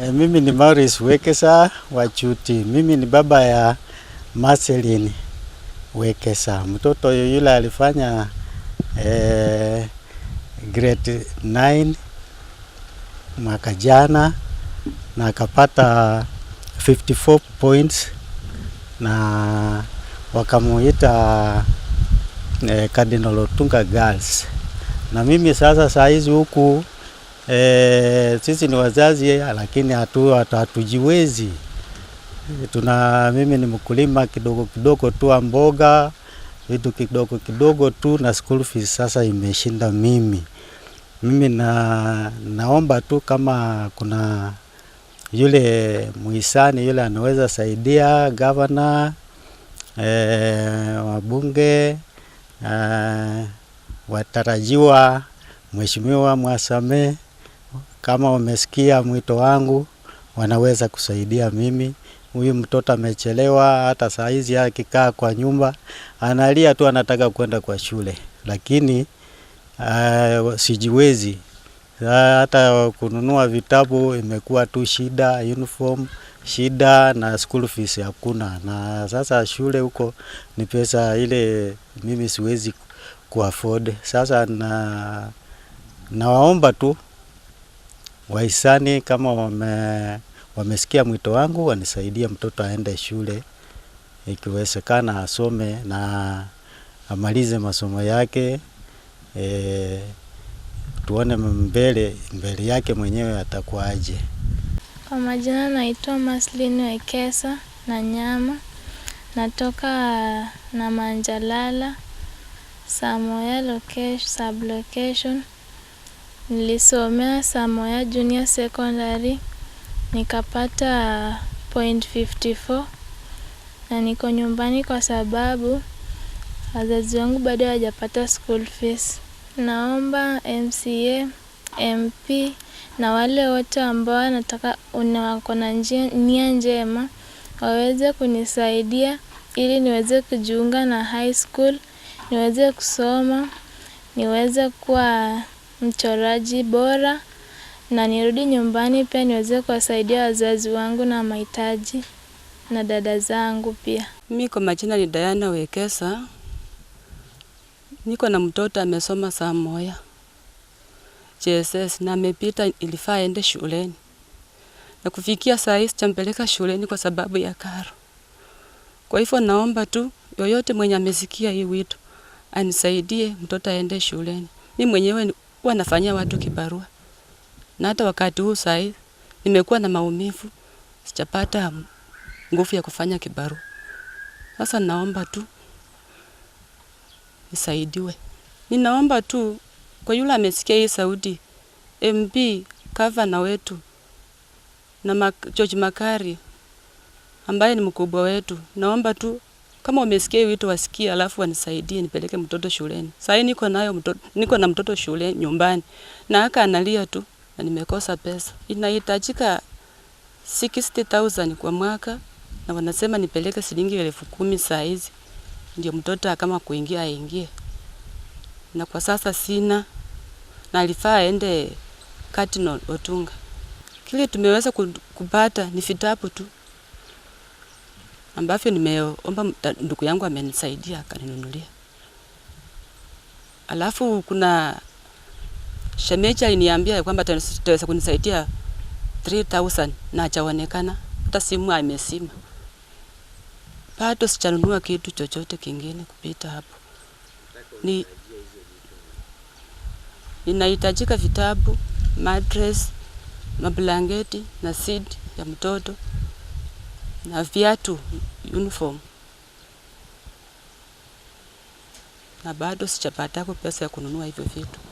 E, mimi ni Maurice Wekesa wa Chuti. Mimi ni baba ya Marceline Wekesa, mtoto yule alifanya e, grade 9 mwaka jana na akapata 54 points na wakamuita e, Cardinal Otunga Girls, na mimi sasa saa hizi huku E, sisi ni wazazi lakini hatu hatujiwezi. Tuna mimi ni mkulima kidogo kidogo tu mboga, vitu kidogo kidogo tu na school fees sasa imeshinda mimi. Mimi na, naomba tu kama kuna yule muhisani yule anaweza saidia gavana e, wabunge e, watarajiwa Mheshimiwa Mwasame kama wamesikia mwito wangu, wanaweza kusaidia mimi. Huyu mtoto amechelewa, hata saa hizi akikaa kwa nyumba analia tu, anataka kwenda kwa shule, lakini uh, sijiwezi hata kununua vitabu imekuwa tu shida, uniform shida, na school fees hakuna. Na sasa shule huko ni pesa ile mimi siwezi kuafford. Sasa na nawaomba tu wahisani kama wame, wamesikia mwito wangu wanisaidia mtoto aende shule ikiwezekana asome na amalize masomo yake e, tuone mbele mbele yake mwenyewe atakuwaje. Kwa majina naitwa Maslini Wekesa na Nyama, natoka na Manjalala Samoya location, sub location Nilisomea Samoya Junior Secondary, nikapata point 54 na niko nyumbani kwa sababu wazazi wangu bado hawajapata school fees. Naomba MCA, MP na wale wote ambao wanataka wako na nia njema waweze kunisaidia ili niweze kujiunga na high school, niweze kusoma, niweze kuwa mchoraji bora na nirudi nyumbani pia niweze kuwasaidia wazazi wangu na mahitaji na dada zangu pia. Mimi kwa majina ni Diana Wekesa, niko na mtoto amesoma saa moya JSS na amepita, ilifaa aende shuleni na kufikia saa hii sijampeleka shuleni kwa sababu ya karo. Kwa hivyo naomba tu yoyote mwenye amesikia hii wito anisaidie mtoto aende shuleni. Mimi mwenyewe huwa nafanyia watu kibarua, na hata wakati huu sahii nimekuwa na maumivu, sijapata nguvu ya kufanya kibarua. Sasa naomba tu nisaidiwe, ninaomba tu kwa yule amesikia hii sauti, MP gavana wetu na George Makari ambaye ni mkubwa wetu, naomba tu kama wamesikia wito wasikie, alafu wanisaidie nipeleke mtoto shuleni. Sasa niko nayo mtoto, niko na mtoto shule nyumbani na aka analia tu, na nimekosa pesa. Inahitajika 60000 kwa mwaka na wanasema nipeleke shilingi elfu kumi saa hizi ndio mtoto kama kuingia aingie, na kwa sasa sina, na alifaa aende kati Otunga. Kile tumeweza kupata ni vitabu tu ambavyo nimeomba ndugu yangu amenisaidia akaninunulia. Alafu kuna shemeji aliniambia kwamba ataweza kunisaidia 3000 na hajaonekana, hata simu amesima. Bado sijanunua kitu chochote kingine kupita hapo. Ni inahitajika vitabu, madres mablangeti na seed ya mtoto na viatu uniform, na bado sijapata pesa ya kununua hivyo vitu.